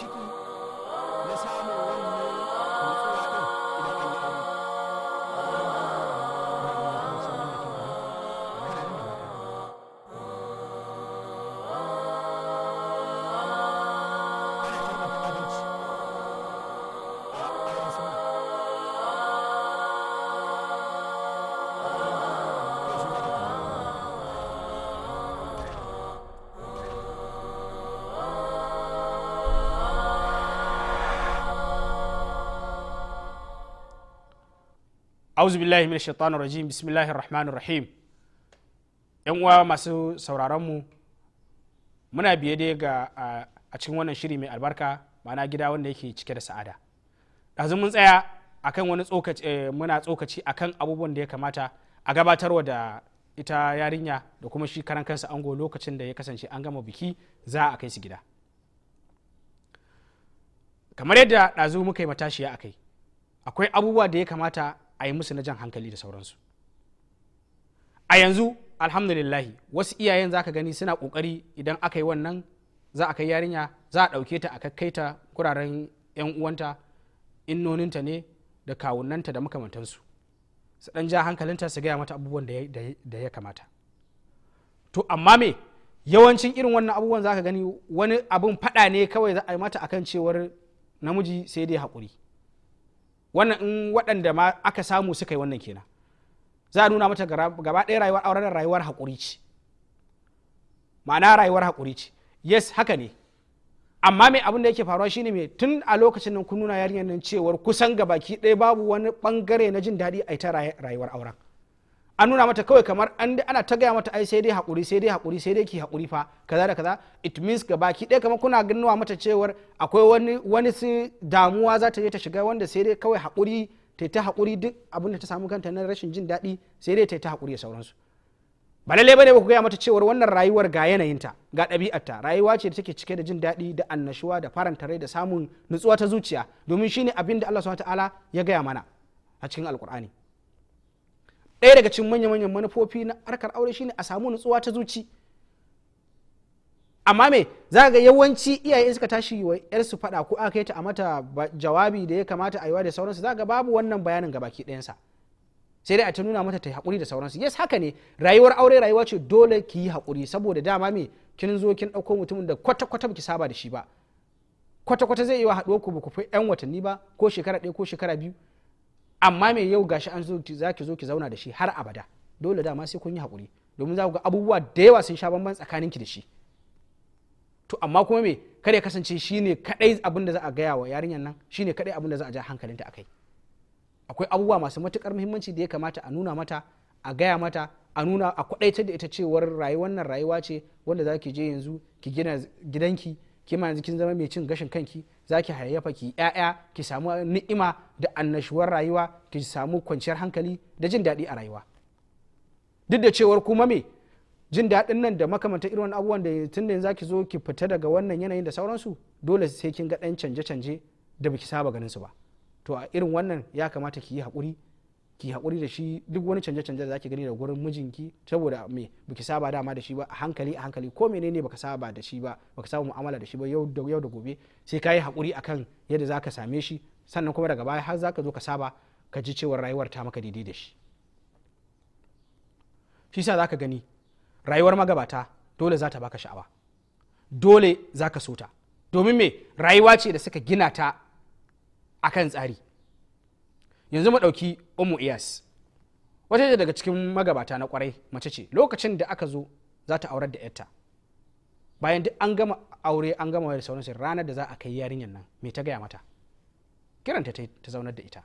마시고 auzu billahi min shaitanir rajim bismillahir rahmanir rahim yan uwa masu sauraron mu muna biye dai ga a cikin wannan shiri mai albarka ma'ana gida wanda yake cike da sa'ada ɗazu mun tsaya akan wani tsokaci eh, muna tsokaci akan abubuwan da ya kamata a gabatarwa da ita yarinya da kuma shi karan kansa ango lokacin da ya kasance an gama biki za a kai su gida kamar yadda ɗazu muka yi matashiya a kai akwai abubuwa da ya kamata a yi musu na jan hankali da sauransu a yanzu alhamdulillahi wasu iyayen za ka gani suna ƙoƙari idan aka yi wannan za a kai yarinya za a ɗauke ta a ta kuraren 'yan uwanta innoninta ne da kawunanta da makamantansu su ɗan ja hankalinta su gaya mata abubuwan da ya kamata to amma me yawancin irin wannan abubuwan za ka gani wani abun faɗa ne kawai za a yi mata akan cewar namiji sai dai haƙuri wannan in waɗanda ma aka samu suka yi wannan kenan za a nuna mata gaba ɗaya rayuwar auren rayuwar haƙuri ce ma'ana rayuwar haƙuri ce yes haka ne amma mai abin da yake faruwa shine mai tun a lokacin nan kun nuna yarinyar nan cewar kusan gabaki ɗaya babu wani ɓangare na jin daɗi a ita rayuwar auren an nuna mata kawai kamar an ana ta gaya mata ai sai dai hakuri sai dai hakuri sai dai ki hakuri fa kaza da kaza it means ga baki ɗaya kamar kuna ganuwa mata cewar akwai wani wani su damuwa za ta je ta shiga wanda sai dai kawai hakuri ta ta hakuri duk abin da ta samu kanta na rashin jin daɗi sai dai ta ta hakuri da sauransu ba lalle bane ba ku gaya mata cewar wannan rayuwar ga yanayinta ga ɗabi'arta rayuwa ce da take cike da jin daɗi da annashuwa da faranta rai da samun nutsuwa ta zuciya domin shine abin da Allah subhanahu wa ta'ala ya gaya mana a cikin alkur'ani ɗaya daga cikin manya-manyan manufofi na harkar aure shine a samu nutsuwa ta zuci amma me za ga yawanci iyaye suka tashi wa yarsu fada ko aka ta a mata jawabi da ya kamata a yiwa da sauransu za ga babu wannan bayanin ga baki ɗayansa sai dai a ta nuna mata ta yi haƙuri da sauransu yes haka ne rayuwar aure rayuwa ce dole ki yi hakuri saboda dama me kin zo kin ɗauko mutumin da kwata-kwata baki saba da shi ba kwata-kwata zai iya haduwa ku ba ku fi 'yan watanni ba ko shekara ɗaya ko shekara biyu amma mai yau gashi an zo za ki zo ki zauna da shi har abada dole dama sai kun yi hakuri domin za ku ga abubuwa da yawa sun sha bamban tsakanin ki da shi to amma kuma me kar ya kasance ne kadai abin da za a gaya wa yarinyar nan shine kadai abin da za a ja hankalinta akai akwai abubuwa masu matukar muhimmanci da ya kamata a nuna mata a gaya mata a nuna a kwadaitar da ita cewar rayuwar nan rayuwa ce wanda za ki je yanzu ki gina gidanki ma yanzu kin zama mai cin gashin kanki za ki hayayyafa ki 'ya'ya ki samu ni'ima da annashuwar rayuwa ki samu kwanciyar hankali da jin daɗi a rayuwa duk da cewar kuma me jin daɗin nan da makamanta irin abubuwan da tun da za ki zo ki fita daga wannan yanayin da sauransu dole sai kin ga ɗan canje-canje da baki saba ganin su ba to a irin wannan ya kamata ki yi haƙuri ki haƙuri da shi duk wani canje-canje da zaki gani da gurin mijinki saboda me baki saba dama da shi ba a hankali a hankali ko menene baka saba da shi ba baka saba mu'amala da shi ba yau da yau da gobe sai ka yi haƙuri akan yadda zaka same shi sannan kuma daga baya har zaka zo ka saba ka ji cewar rayuwar ta maka daidai da shi shi sa zaka gani rayuwar magabata dole za ta baka sha'awa dole zaka ka so ta domin me rayuwa ce da suka gina ta akan tsari yanzu mu ɗauki Umu iyas wata daga cikin magabata na kwarai mace ce lokacin da aka zo za ta aurar da yarta bayan duk an gama aure an gama da sauransu ranar da za a kai yarinyar nan me ta gaya mata kiranta ta ta zaunar da ita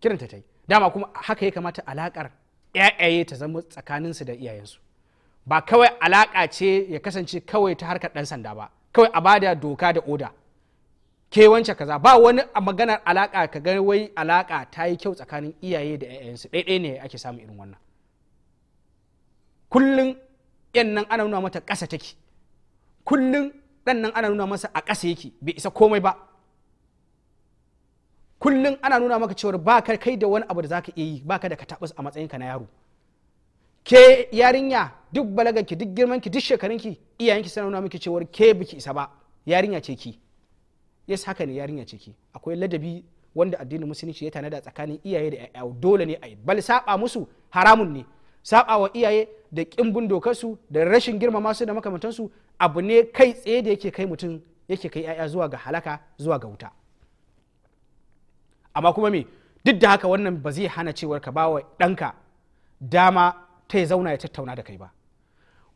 kiranta ta yi dama kuma haka ya kamata alakar yayaye ta zama tsakaninsu da iyayensu ba kawai alaka ce ya kasance kawai ta harkar dan sanda ba kawai a bada doka da oda ke wance kaza ba wani a maganar alaka ka ga wai alaka ta yi kyau tsakanin iyaye da 'ya'yansu ɗaiɗai ne ake samun irin wannan kullum yan nan ana nuna mata ƙasa take kullum ɗan nan ana nuna masa a ƙasa yake bai isa komai ba kullum ana nuna maka cewar ba ka kai da wani abu da za ka iya yi ba ka da ka taɓa a matsayinka na yaro ke yarinya duk balaganki duk girmanki duk shekarunki iyayenki suna nuna maka cewar ke biki isa ba yarinya ce ki yes haka ne yarinya ciki akwai ladabi wanda addinin musulunci ya tanada tsakanin iyaye da ya'ya dole ne a yi bal saba musu haramun ne saba wa iyaye da kimbin dokarsu da rashin girmama su da makamantansu abu ne kai tsaye da yake kai mutum yake kai ya'ya zuwa ga halaka zuwa ga wuta amma kuma me duk da haka wannan ba zai hana cewar ka bawa ɗanka dama ta ya zauna ya tattauna da kai ba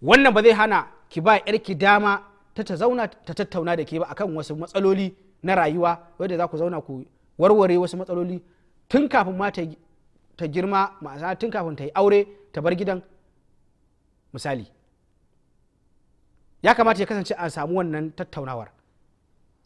wannan ba zai hana ki ba yarki dama ta ta zauna ta tattauna da ke ba akan wasu matsaloli na rayuwa wadda za ku zauna ku warware wasu matsaloli tun kafin ma ta girma ma'ana tun kafin ta yi aure ta bar gidan misali ya kamata ya kasance a samu wannan tattaunawar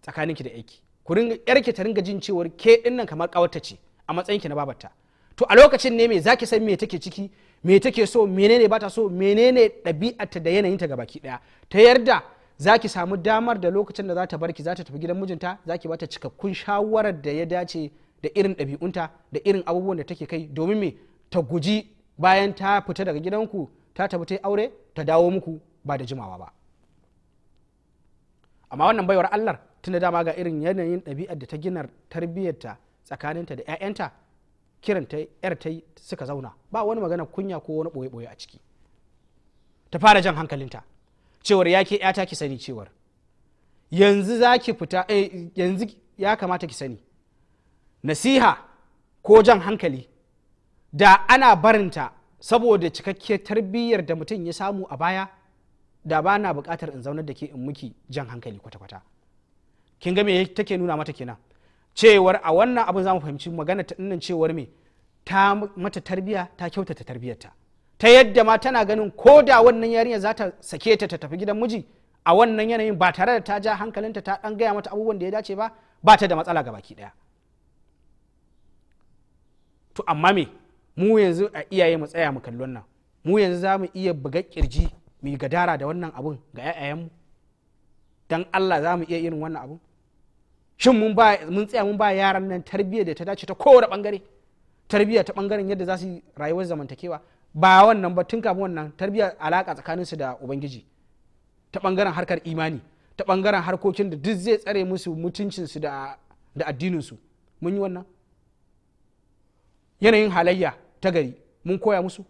tsakaninki da aiki ku ringa yarki ta ringa jin cewar ke dinnan kamar kawarta ce a ki na babarta to a lokacin ne me zaki san me take ciki me take so menene bata so menene ɗabi'arta da yanayinta gabaki daya ta yarda za ki samu damar da lokacin da za ta barki za ta tafi gidan mijinta za ki bata cikakkun shawarar da ya dace da irin ɗabi'unta da irin abubuwan da take kai domin me ta guji bayan ta fita daga gidanku ta tafi ta aure ta dawo muku ba da jimawa ba amma wannan baiwar allah tunda dama ga irin yanayin ɗabi'ar da ta gina tarbiyyarta tsakaninta da 'ya'yanta kiran ta yar ta suka zauna ba wani magana kunya ko wani boye-boye a ciki ta fara jan hankalinta cewar ya ke yata ki sani cewar yanzu za ki fita eh, yanzu ya kamata ki sani nasiha ko jan hankali da ana barinta saboda cikakkiyar tarbiyyar da mutum ya samu a baya da ba na bukatar in zaunar da ke in muki jan hankali kwata-kwata kin ga me take nuna mata kenan cewar a wannan abin za mu fahimci magana ta cewar me ta mata tarbiya ta kyautata tarbiyarta ta yadda ma tana ganin ko da wannan yarinya za ta sake ta ta tafi gidan miji a wannan yanayin ba tare da ta ja hankalinta ta dan gaya mata abubuwan da ya dace ba ba ta da matsala ga baki daya to amma me mu yanzu a iyaye mu tsaya mu kalli wannan mu yanzu za mu iya buga kirji mu gadara da wannan abun ga 'ya'yayenmu dan Allah za mu iya irin wannan abun shin mun ba mun tsaya mun ba yaran nan tarbiyyar da ta dace ta kowane bangare tarbiyya ta bangaren yadda za su rayuwar zamantakewa ba wannan ba tun kafin wannan tarbiyyar alaka tsakanin su da ubangiji ta bangaren harkar imani ta bangaren harkokin da duk zai tsare musu mutuncin su da addinin su mun yi wannan yanayin halayya ta gari mun koya musu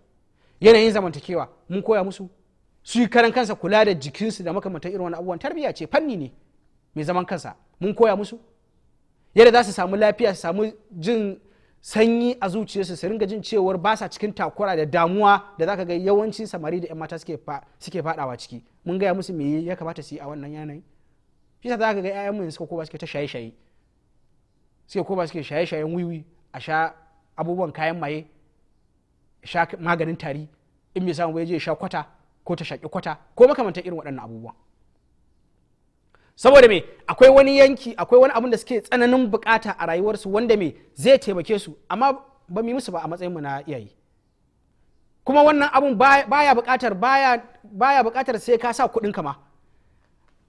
yanayin zamantakewa mun koya musu su yi karan kansa kula da jikinsu da makamantar irin wani abubuwan tarbiyya ce fanni ne mai zaman kansa mun koya musu yadda za su samu lafiya su samu jin sanyi a zuciyarsu su ringa jin cewar ba sa cikin takura da damuwa da zaka ga yawanci samari da 'yan mata suke fadawa ciki mun gaya musu me ya kamata su yi a wannan yanayi shi sa zaka ga 'ya'yan mu suka koba suke ta shaye-shaye suke koba suke shaye-shayen wiwi a sha abubuwan kayan maye sha maganin tari in bai samu bai je sha kwata ko ta shaki kwata ko makamantar irin waɗannan abubuwan saboda me akwai wani yanki akwai wani abun da suke tsananin bukata a rayuwarsu wanda me zai taimake su amma ba mu yi musu ba a matsayinmu na iyaye kuma wannan abun baya bukatar baya bukatar sai ka sa kuɗin ma.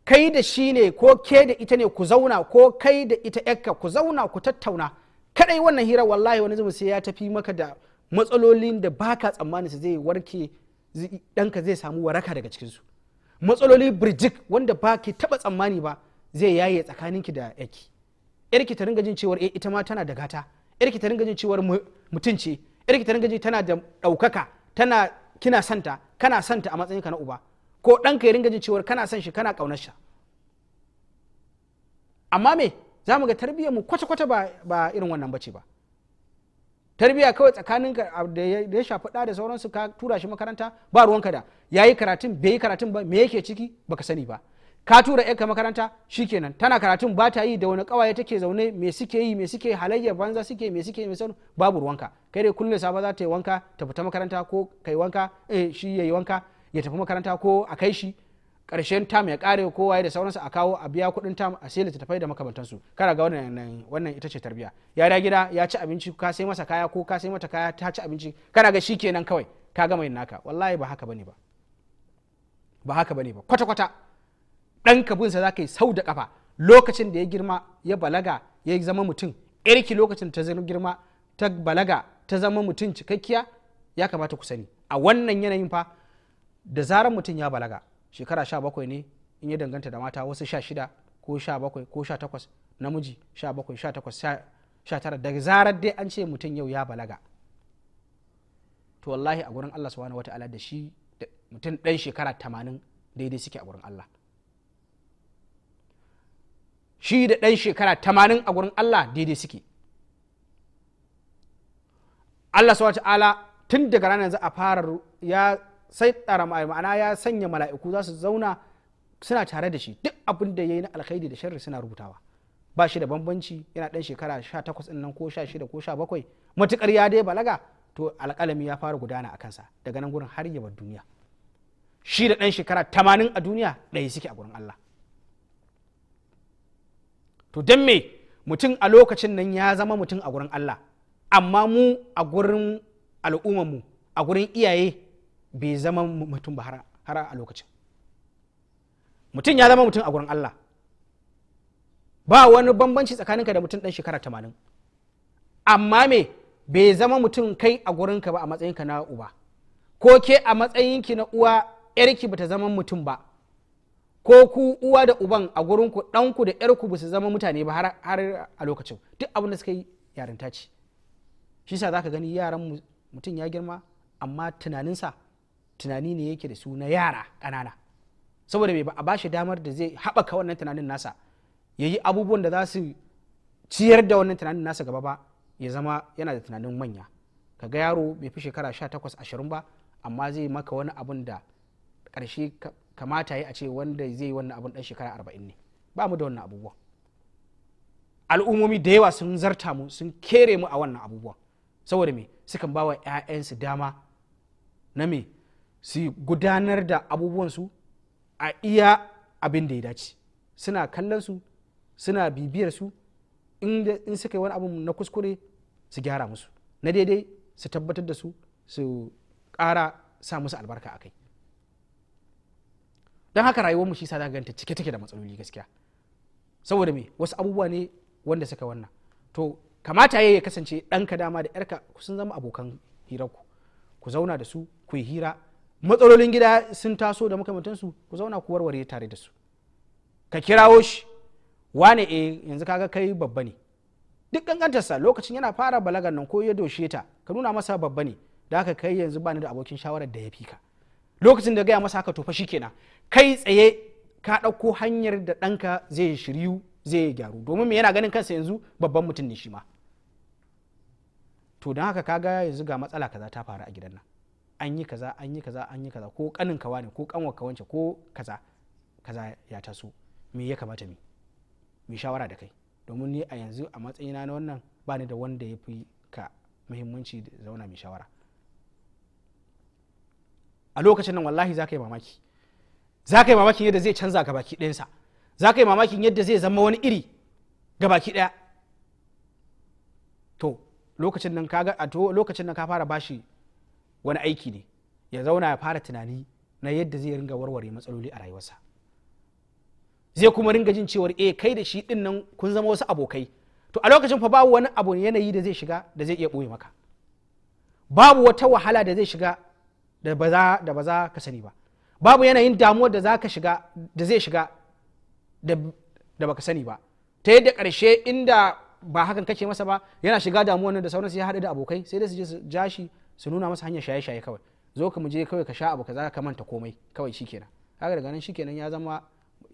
kai da shi ne ko ke da ita ne ku zauna ko kai da ita yakka ku zauna ku tattauna kadai wannan hira wallahi wani zubi sai ya tafi maka da matsalolin da baka tsammanin su zai warke ɗanka zai samu waraka daga cikinsu matsaloli birjik wanda ba ki taba tsammani ba zai yaye tsakaninki da yaki yarki ta ringa cewar e, ita ma tana da gata yarki ta ringa cewar mutum ce yarki ta ringa jin tana da daukaka tana kina santa kana santa a matsayinka na uba ko ɗanka ya ringa cewar kana son shi kana ƙaunar shi amma me za mu ga tarbiyyar mu kwata-kwata ba, ba irin wannan bace ba tarbiya kawai tsakanin da ya shafi da da sauransu ka tura shi makaranta ba ruwanka da yayi karatun bai yi karatun ba me yake ciki baka sani ba ka tura yanka makaranta shi shikenan tana karatun ba ta yi da wani kawaye take zaune me suke yi me suke halayya banza suke me suke me sanu babu ruwanka kai dai kullum safa za ta yi wanka ta fita makaranta ko kai wanka eh shi yayi wanka ya tafi makaranta ko a kai shi karshen tam ya kare kowa da sauransu a kawo a biya kuɗin tam a sai littattafai da makamantansu kara ga wannan wannan ita ce tarbiya yara gida ya ci abinci ka sai masa kaya ko ka sai mata kaya ta ci abinci kana ga shi kenan kawai ka gama yin naka wallahi ba haka bane ba ba haka bane ba kwata kwata dan ka sa zaka yi sau da kafa lokacin da ya girma ya balaga ya zama mutum irki lokacin ta zama girma ta balaga ta zama mutum cikakkiya ya kamata ku sani a wannan yanayin fa da zarar mutum ya balaga shekara sha bakwai ne in ya danganta da mata wasu sha shida ko sha bakwai ko sha takwas namiji sha bakwai sha takwas sha tara daga zarar dai an ce mutum yau ya balaga to wallahi a gurin Allah subhanahu wata'ala da shi mutum dan shekara tamanin daidai suke a gurin Allah shi da dan shekara tamanin a gurin Allah daidai suke Allah subhanahu wata'ala tun daga ranar za a fara ya sai tsara ma'ana ya sanya mala'iku za su zauna suna tare da shi duk abin da ya yi na alkhairi da sharri suna rubutawa ba shi da bambanci yana ɗan shekara 18 ɗin nan ko 16 ko 17 matukar ya dai balaga to alƙalami ya fara gudana a kansa daga nan gurin har yabar duniya shi da ɗan shekara tamanin a duniya ɗaya suke a gurin Allah to don me mutum a lokacin nan ya zama mutum a gurin Allah amma mu a gurin mu a gurin iyaye bai zama mutum ba har a lokacin mutum ya zama mutum a gurin Allah ba wani bambanci tsakaninka da mutum ɗan shekara tamanin amma me bai zama mutum kai a gurinka ba a matsayinka na uba ko ke a matsayin ki na uwa yarki bata zama mutum ba ko ku uwa da uban a gurinku ɗanku da yarku ba su zama mutane ba har a lokacin duk abin da suka yi yarinta ce shi sa za ka gani yaran mutum ya girma amma tunaninsa tunani ne yake da su na yara ƙanana saboda bai ba shi damar da zai haɓaka wannan tunanin nasa ya yi abubuwan da za su ciyar da wannan tunanin nasa gaba ba ya zama yana da tunanin manya ka ga yaro bai fi shekara sha takwas ashirin ba amma zai maka wani abun da ƙarshe kamata ya a ce wanda zai yi wannan abun ɗan shekara arba'in ne ba mu da wannan abubuwan al'ummomi da yawa sun zarta mu sun kere mu a wannan abubuwan saboda me sukan ba wa 'ya'yansu dama na me su gudanar da abubuwansu a iya abin da ya dace suna kallon su suna bibiyar su in suka yi wani abu na kuskure su gyara musu na daidai su tabbatar da su su ƙara sa musu albarka a kai don haka rayuwar mu shi sa ganta cike take da matsaloli gaskiya saboda me wasu abubuwa ne wanda suka wannan to kamata ya kasance ɗanka dama da 'yarka sun zama abokan hirarku ku zauna da su ku yi hira matsalolin gida sun taso da makamantansu ku zauna ku warware tare da su ka kirawo shi wane e yanzu kaga kai babba ne duk kankantarsa lokacin yana fara balagar nan ko ya doshe ta ka nuna masa babba ne da aka kai yanzu bani da abokin shawarar da ya fi ka lokacin da gaya masa haka tofa shi kenan kai tsaye ka ɗauko hanyar da ɗanka zai shiryu zai gyaru domin me yana ganin kansa yanzu babban mutum ne shi ma to don haka kaga yanzu ga matsala kaza ta faru a gidan nan an yi kaza an yi kaza an yi kaza ko kanin kawa ne ko kanwar wance ko kaza kaza ya taso me ya kamata mi mi shawara da kai domin ni a yanzu a matsayina na wannan ba ni da wanda ya fi ka muhimmanci da zauna mai shawara a lokacin nan wallahi za ka yi mamaki za ka yi mamakin yadda zai canza gabaki ɗayansa za ka yi mamakin yadda zai zama wani iri gabaki ɗaya to lokacin nan ka a to lokacin nan ka fara bashi wani aiki ne ya zauna ya fara tunani na yadda zai ringa warware matsaloli a rayuwarsa zai kuma ringa jin cewar eh kai da shi din nan kun zama wasu abokai to a lokacin fa babu wani abu yanayi da zai shiga da zai iya ɓoye maka babu wata wahala da zai shiga da ba da ba ka sani ba babu yanayin damuwar da za shiga da zai shiga da da baka sani ba ta yadda ƙarshe inda ba hakan kake masa ba yana shiga damuwar nan da sauransu ya haɗu da abokai sai dai su je su ja shi su nuna masa hanyar shaye-shaye kawai zo ka muje kawai ka sha abu kaza ka manta komai kawai shikenan kaga daga nan kenan ya zama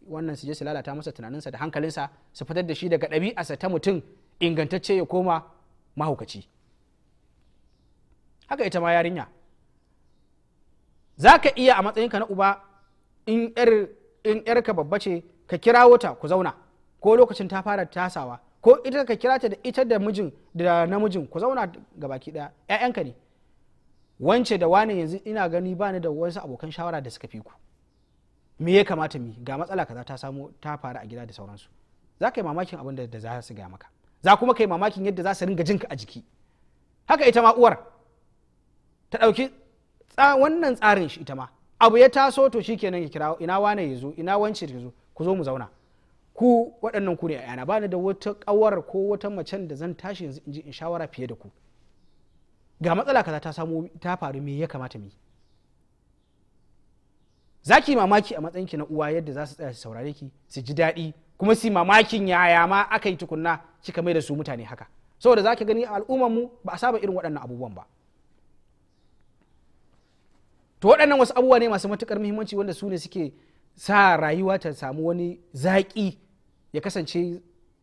wannan su je su lalata masa tunaninsa da hankalinsa su fitar da shi daga ɗabi'arsa ta mutum ingantacce ya koma mahaukaci haka ita ma yarinya za ka iya a matsayinka na uba in yarka babba ce ka kira ta ku zauna ko lokacin ta fara tasawa ko ita ka kira ta da ita da mijin da namijin ku zauna gabaki ɗaya 'ya'yanka ne wance da wani yanzu ina gani ba ni da wasu abokan shawara da suka fi ku me ya kamata mi ga matsala kaza ta samu ta faru a gida da sauransu za ka yi mamakin abin da za su gaya maka za kuma ka yi mamakin yadda za su ringa jinka a jiki haka ita ma uwar ta ɗauki wannan tsarin shi ita ma abu ya taso to shi kenan ya kira ina wane ya zo ina wance ya zo ku zo mu zauna ku waɗannan ku ne a yana ba ni da wata ƙawar ko wata macen da zan tashi yanzu in ji in shawara fiye da ku ga matsala kaza ta samu ta faru me ya kamata mu yi za ki mamaki a matsayinki na uwa yadda za su tsaya su saurare ki su ji daɗi kuma su mamakin yaya ma aka yi tukunna kika mai da su mutane haka saboda za ki gani a al'ummar mu ba a saba irin waɗannan abubuwan ba to waɗannan wasu abubuwa ne masu matukar muhimmanci wanda su ne suke sa rayuwa ta samu wani zaƙi ya kasance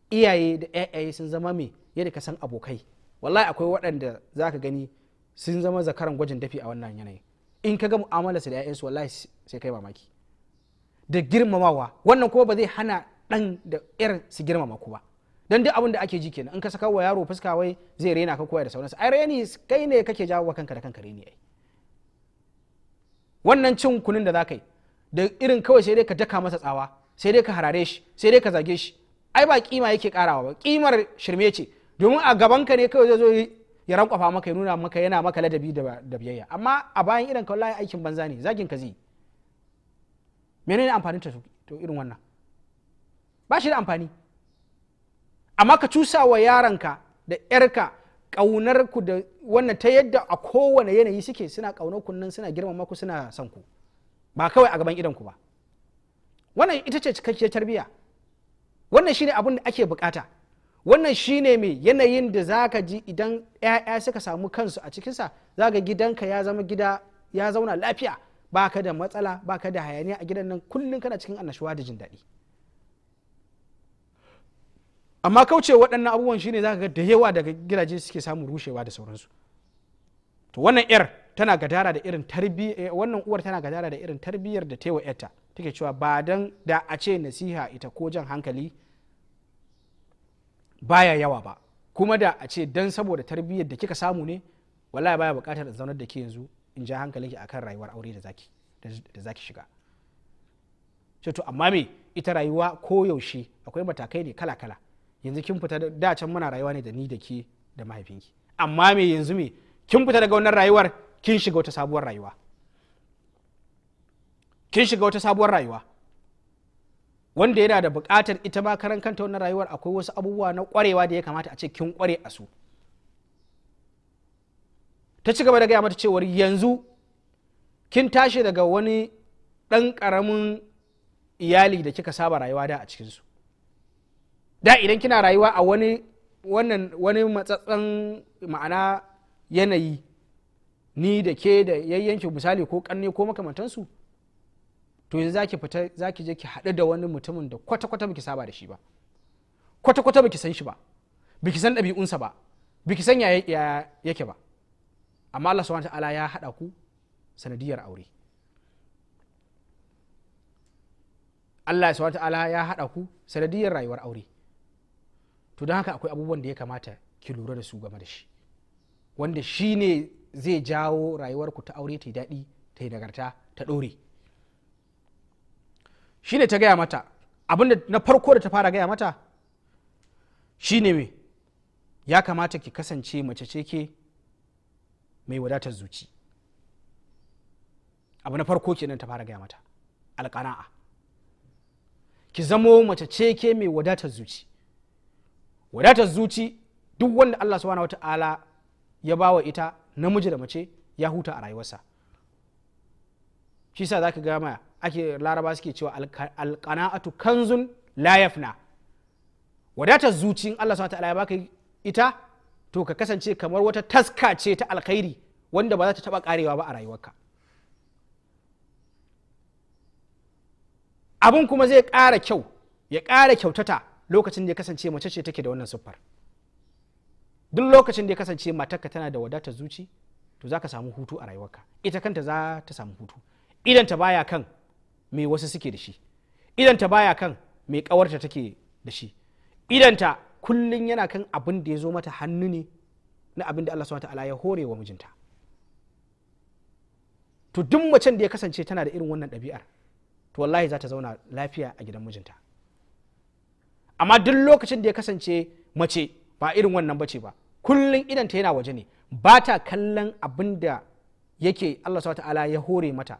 iyaye da 'ya'yaye sun zama mai yadda ka san abokai wallahi akwai waɗanda za ka gani sun zama zakaran gwajin dafi a wannan yanayi in ka ga mu'amala su da 'ya'yansu wallahi sai kai mamaki da girmamawa wannan kuma ba zai hana ɗan da 'yar su girmama ku ba dan duk abin da ake ji kenan in ka saka wa yaro fuska wai zai rena ka koya da sauransu ai reni kai ne kake jawo wa kanka da kanka reni ai wannan cin kunun da za ka yi da irin kawai sai dai ka daka masa tsawa sai dai ka harare shi sai dai ka zage shi ai ba kima yake karawa ba kimar shirme ce domin a gaban ka ne kawai zai zo ya rankwafa maka ya nuna maka yana maka ladabi da biyayya amma a bayan irin kawai aikin banza ne zagin ka zai menene amfanin ta to irin wannan ba shi da amfani amma ka cusa wa yaranka da yarka ƙaunar ku da wannan ta yadda a kowane yanayi suke suna kaunar ku nan suna girmama ku suna son ku ba kawai a gaban idan ku ba wannan ita ce cikakkiyar tarbiyya wannan shine abin da ake bukata wannan shine mai yanayin da zaka ji idan 'ya'ya suka samu kansu a cikinsa zaka gidanka ya zama gida ya zauna lafiya baka da matsala baka da hayaniya a gidan nan kullum kana cikin annashuwa da jin daɗi amma kauce waɗannan abubuwan shine zaka ga da yawa daga gidaje suke samun rushewa da sauransu to wannan yar tana gadara da irin tarbiyyar eh, wannan uwar tana gadara da irin tarbiyyar da ta yarta take cewa ba dan da a ce nasiha ita ko jan hankali baya yawa ba kuma da a ce dan saboda tarbiyyar da kika samu ne wallahi baya bukatar zaunar da ke yanzu in ja hankalinki akan rayuwar aure da zaki da zaki shiga to amma me ita rayuwa ko yaushe akwai matakai ne kala kala yanzu kin fita da can muna rayuwa ne da ni da ke da mahaifinki amma me yanzu me kin fita daga wannan rayuwar kin shiga wata sabuwar rayuwa kin shiga wata sabuwar rayuwa wanda yana da buƙatar ita ma karan kanta wannan rayuwar akwai wasu abubuwa na kwarewa da ya kamata a ce kin ƙware a su ta ci gaba da gaya mata cewar yanzu kin tashi daga wani ɗan ƙaramin iyali da kika saba rayuwa da a cikinsu da idan kina rayuwa a wani wannan wani matsatsan ma'ana yanayi ni da ke da yayyanki misali ko kanne ko makamantansu to yanzu zaki fita zaki je ki haɗu da wani mutumin da kwata kwata biki saba da shi ba kwata kwata biki san shi ba biki san ɗabi'unsa ba biki san ya yake ba amma Allah subhanahu ta'ala ya haɗa ku sanadiyar aure Allah subhanahu ta'ala ya haɗa ku sanadiyar rayuwar aure to don haka akwai abubuwan da ya kamata ki lura da su game da shi wanda shi ne zai jawo rayuwarku ta aure ta yi daɗi ta yi nagarta ta ɗore shine ta gaya mata abinda na farko da ta fara gaya mata shine me ya kamata ki kasance mace ce ke mai wadatar zuci abu na farko kenan ta fara gaya mata alƙana'a ki zamo mace ce ke mai wadatar zuci wadatar zuci duk wanda allah subhanahu wa ta'ala ya bawa ita namiji da mace ya huta a rayuwarsa shi sa za ka gama ake laraba suke cewa alƙana'atu kanzun layafna wadatar zuci Allah subhanahu ta'ala ya baka ita to ka kasance kamar wata taska ce ta alkhairi wanda ba za ta taba karewa ba a rayuwarka abin kuma zai ƙara kyau ya ƙara kyautata lokacin da ya kasance mace ce take da wannan siffar duk lokacin da ya kasance matarka tana da wadatar zuci to za ka samu hutu a rayuwarka ita kanta za ta samu hutu idan ta baya kan me wasu suke da shi idanta baya kan me kawarta take da shi idanta kullun yana kan abin da ya zo mata hannu ne na abin da Allah ta'ala ya hore wa mijinta to duk macen da ya kasance tana da irin wannan ɗabi'ar to wallahi za ta zauna lafiya a gidan mijinta amma duk lokacin da ya kasance mace ba irin wannan bace ba kullun idanta yana waje ne ba ta kallon abin da yake Allah ta'ala ya hore mata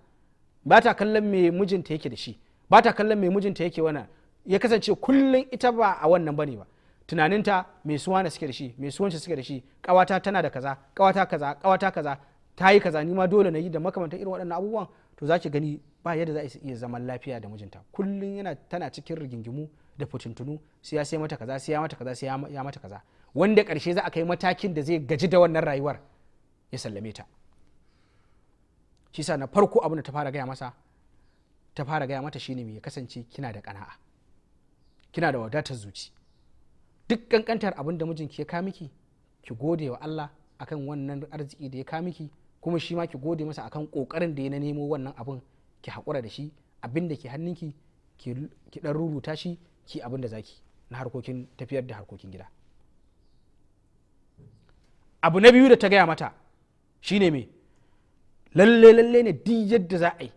ba ta kallon me mijinta yake da shi ba ta kallon me mijinta yake wannan ya kasance kullum ita ba a wannan bane ba tunaninta me na suke da shi me suke da shi kawata tana da kaza kawata kaza kawata kaza ta yi kaza nima dole na yi da makamantar irin waɗannan abubuwan to za ki gani ba yadda za a iya zaman lafiya da mijinta kullum yana tana cikin rigingimu da fitintunu sai ya sai mata kaza sai ya mata kaza sai ya mata kaza wanda ƙarshe za a kai matakin da zai gaji da wannan rayuwar ya sallame ta shi na farko abin da ta fara gaya masa ta fara gaya mata shine mai kasance kina da kana'a kina da wadatar zuci duk kankantar abin da mijinki ya ka miki ki gode wa Allah akan wannan arziki da ya ka miki kuma shi ma ki gode masa akan kokarin da ya na nemo wannan abin ki hakura da shi abin da ke hannunki ki dan rubuta shi ki abin da zaki na harkokin tafiyar da harkokin gida abu na biyu da ta gaya mata shine mai. lalle lalle ne duk yadda za a yi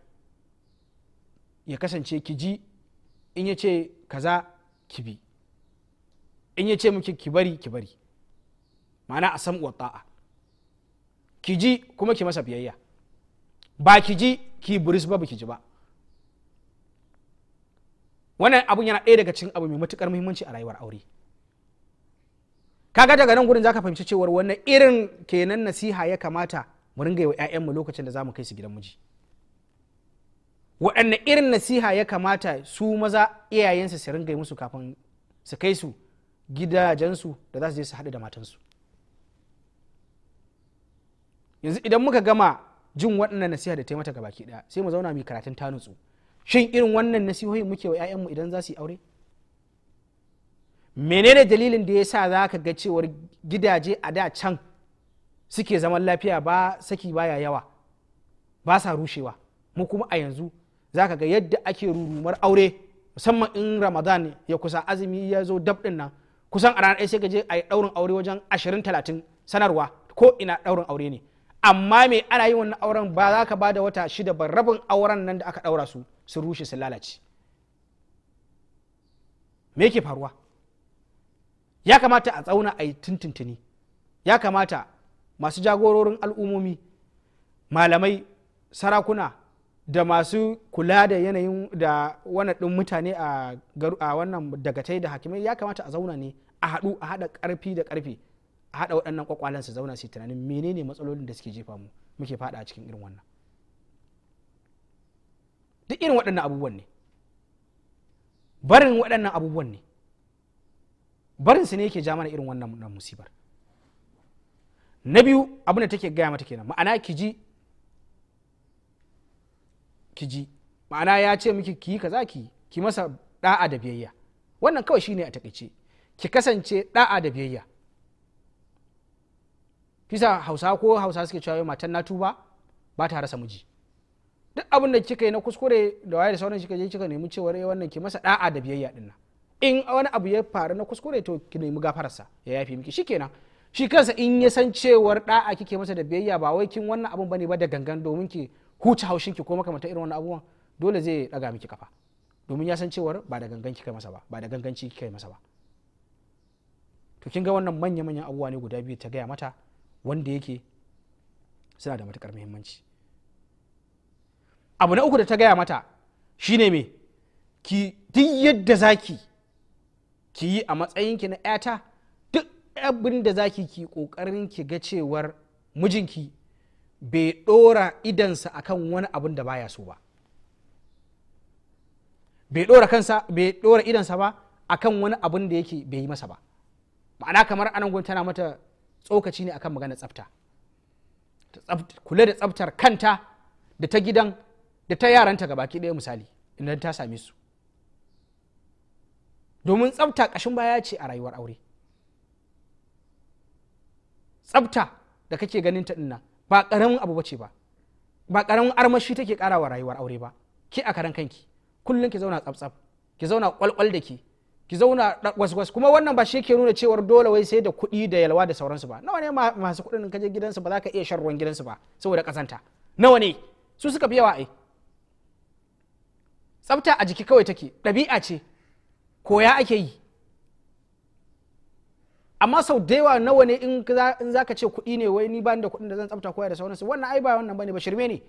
ya kasance ki ji in ya ce kaza ki bi in ya ce miki ki bari ki bari ma'ana a san ta'a ki ji kuma ki masa biyayya ba ki ji ki buris ba ki ji ba wannan abun yana ɗaya daga cikin abu mai matukar muhimmanci a rayuwar aure kaga daga nan za zaka fahimci cewar wannan irin kenan nasiha ya kamata mu ringa yi wa 'ya'yanmu lokacin da za mu kai su gidan miji waɗanne irin nasiha ya kamata su maza iyayensu su ringa yi musu kafin su kai su gidajensu da za su je su haɗu da matansu yanzu idan muka gama jin waɗannan nasiha da ta yi mata ɗaya sai mu zauna mu karatun ta nutsu shin irin wannan nasihohin muke wa mu idan za su yi aure menene dalilin da ya sa za ka ga cewar gidaje a da can suke zaman lafiya ba saki baya yawa ba sa rushewa mu kuma a yanzu za ka ga yadda ake rurumar aure musamman in ramadan ya kusa azumi ya zo dab din nan kusan a ranar sai ka je a yi daurin aure wajen ashirin talatin sanarwa ko ina ɗaurin aure ne amma me ana yi wannan auren ba za ka da wata shida ba rabin auren nan da aka ɗaura su su rushe su lalace me yake faruwa ya kamata a tsauna a yi tuntuntuni ya kamata masu jagororin al'umomi malamai sarakuna da masu kula da yanayin da wani ɗin mutane a wannan dagatai da hakimai ya kamata a zauna ne a haɗu a haɗa ƙarfi da ƙarfi a haɗa waɗannan ƙwaƙwalen su zauna su tunanin menene matsalolin da suke jefa mu muke faɗa a cikin irin wannan duk irin waɗannan abubuwan ne barin waɗannan abubuwan ne barin su ne yake ja mana irin wannan musibar na biyu abin da take gaya mata kenan ma'ana ki ji ma'ana ya ce miki ki yi kaza ki ki masa da'a da biyayya wannan kawai shine a takaice ki kasance da'a da biyayya kisa hausa ko hausa suke cewa matan na tuba ba ta rasa miji duk abin da kika yi na kuskure da waye da sauran kika je kika nemi cewa eh wannan ki masa da'a da biyayya din in wani abu ya faru na kuskure to ki nemi gafararsa ya yafi miki shikenan shi kansa in ya san cewar da'a kike masa da biyayya ba wai kin wannan abun bane ba da gangan domin ki huce haushin ki ko makamanta irin wannan abubuwan dole zai daga miki kafa domin ya san cewar ba da gangan kika masa ba ba da ganganci kika masa ba to kin ga wannan manya manyan abubuwa ne guda biyu ta gaya mata wanda yake suna da matukar muhimmanci abu na uku da ta gaya mata shine me ki duk yadda zaki ki yi a matsayinki na 'yata abin da zaki ki kokarin ki ga cewar mijinki bai dora idansa akan wani abin da baya so ba bai dora kansa bai dora idansa ba akan wani abin da yake bai yi masa ba ma'ana kamar anan tana mata tsokaci ne akan magana tsafta kula da tsaftar kanta da ta gidan da ta yaranta ga baki ɗaya misali idan ta same su domin tsafta ƙashin baya ce a rayuwar aure tsafta da kake ganin ta dinnan ba karamin abu bace ba ba karamin armashi take karawa rayuwar aure ba ki a karan kanki kullum ki zauna tsabtsab ki zauna kwalkwal da ki ki zauna waswas kuma wannan ba shi ke nuna cewar dole wai sai da kuɗi da yalwa da sauransu ba nawa ne masu kuɗin kaje gidansu ba za ka iya shan ruwan gidansu ba saboda kazanta nawa ne su suka fi yawa ai tsafta a jiki kawai take ɗabi'a ce koya ake yi amma sau da yawa nawa ne in za ka ce kuɗi ne wai ni ba da kuɗin da zan tsafta koya da sauransu wannan ai ba wannan bane ba shirme ne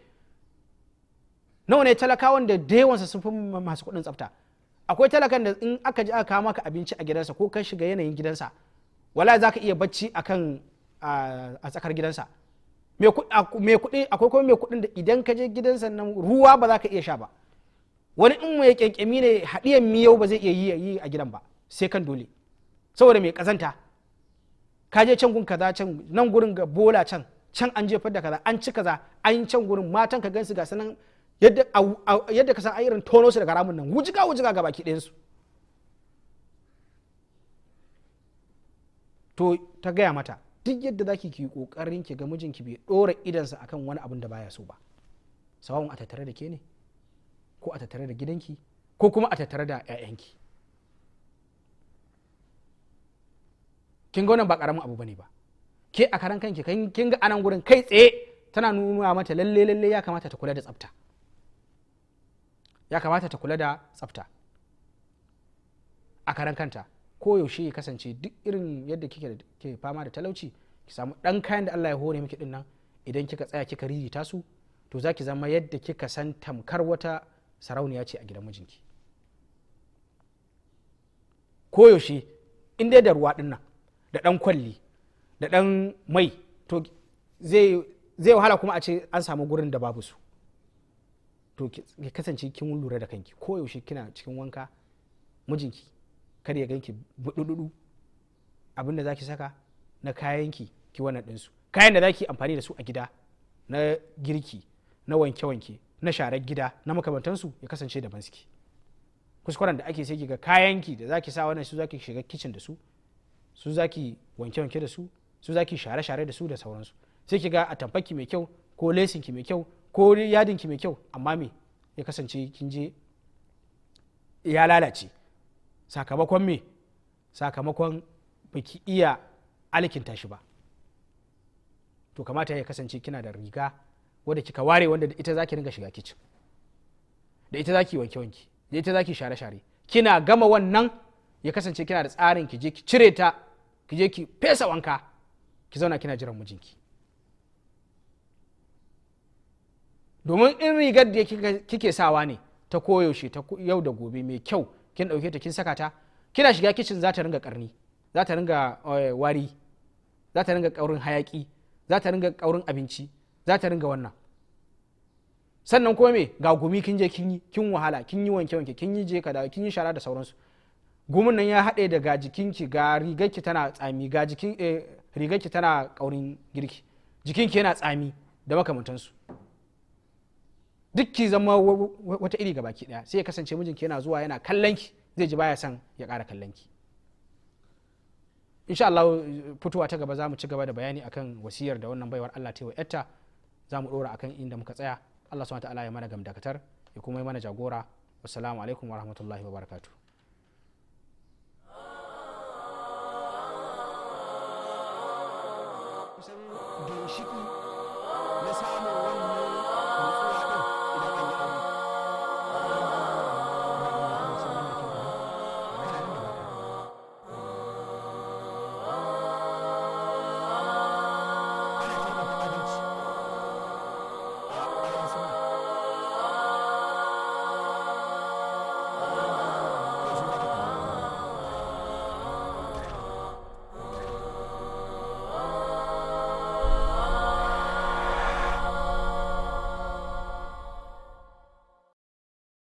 nawa ne talakawan da da sun fi masu kuɗin tsafta akwai talakan da in aka ji aka kawo maka abinci a gidansa ko kan shiga yanayin gidansa wala za ka iya bacci akan a tsakar gidansa me kuɗi akwai kuma mai kuɗin da idan ka je gidansa nan ruwa ba za ka iya sha ba wani in mai kyankyami ne haɗiyan miyau ba zai iya yi a gidan ba sai kan dole saboda mai ƙazanta ka je can gun kaza can nan gurin ga bola can can an jefar da kaza an ci kaza an yi can gurin matan ka gansu ga sanan yadda ka san an irin tono su daga ramin nan wujiga wujiga ga baki ɗayansu to ta gaya mata duk yadda zaki ki kokarin ki ga mijinki bai dora idansa akan wani abun da baya so ba sawon a tattare da ke ne ko a tattare da gidanki ko kuma a tattare da 'ya'yanki kin ga wannan ba karamin abu bane ba ke a karan kanki kin ga anan gurin kai tsaye tana nuna mata lalle lalle ya kamata ta kula da tsafta ya kamata ta kula da tsafta a karan kanta ko yaushe ya kasance duk irin yadda kike ke fama da talauci ki samu dan kayan da Allah ya hore miki dinnan idan kika tsaya kika ririta su to zaki zama yadda kika san tamkar wata sarauniya ce a gidan mijinki koyaushe in dai da ruwa dinnan da ɗan kwalli da ɗan mai to zai wahala kuma a ce an samu gurin da babu su to ki kasance kin lura da kanki ko yaushe kina cikin wanka mijinki kada ya ganki bududu abin da zaki saka na kayanki ki wannan ɗinsu kayan da zaki amfani da su a gida na girki na wanke-wanke na sharar gida na makamantansu ya kasance da suke kuskuren da ake sai ga kayanki da zaki sa wannan su zaki shiga kicin da su su zaki wanke-wanke da su su zaki share-share da su da sauransu sai ki ga a tamfaki mai kyau ko lesin ki mai kyau ko yadinki mai kyau amma me ya kasance kin je ya lalace sakamakon me sakamakon baki iya alkinta shi ba to kamata ya kasance kina da riga wadda kika ware wanda da ita zaki ringa shiga kicin da ita zaki wanke wanke da ita zaki share share kina gama wannan ya kasance kina da tsarin ki je ki cire ta ki je ki fesa wanka ki zauna kina jiran mijinki domin in rigar da kike sawa ne ta koyaushe ta yau da gobe mai kyau kin dauke ta kin saka ta kina shiga kicin za ta ringa karni za ta ringa eh, wari za ta ringa ƙaurin hayaƙi za ta ringa ƙaurin abinci za ta ringa wannan sannan kuma me ga gumi kin je kin yi kin wahala kin yi wanke wanke kin yi je ka dawo kin yi shara da sauransu gumin nan ya haɗe da daga jikinki ga rigarki tana tsami ga jikin eh, rigarki tana ƙaurin girki jikinki yana tsami da makamantansu duk ki zama wata iri ga baki daya sai ya kasance mijinki yana zuwa yana kallon ki zai ji baya son ya kara kallon ki insha Allah fitowa ta gaba za mu ci gaba da bayani akan wasiyar da wannan baiwar Allah ta yi wa yarta za mu ɗora akan inda muka tsaya Allah subhanahu wa ta'ala ya mana gamdakatar ya kuma ya mana jagora assalamu alaikum wa rahmatullahi wa barakatuh Schicken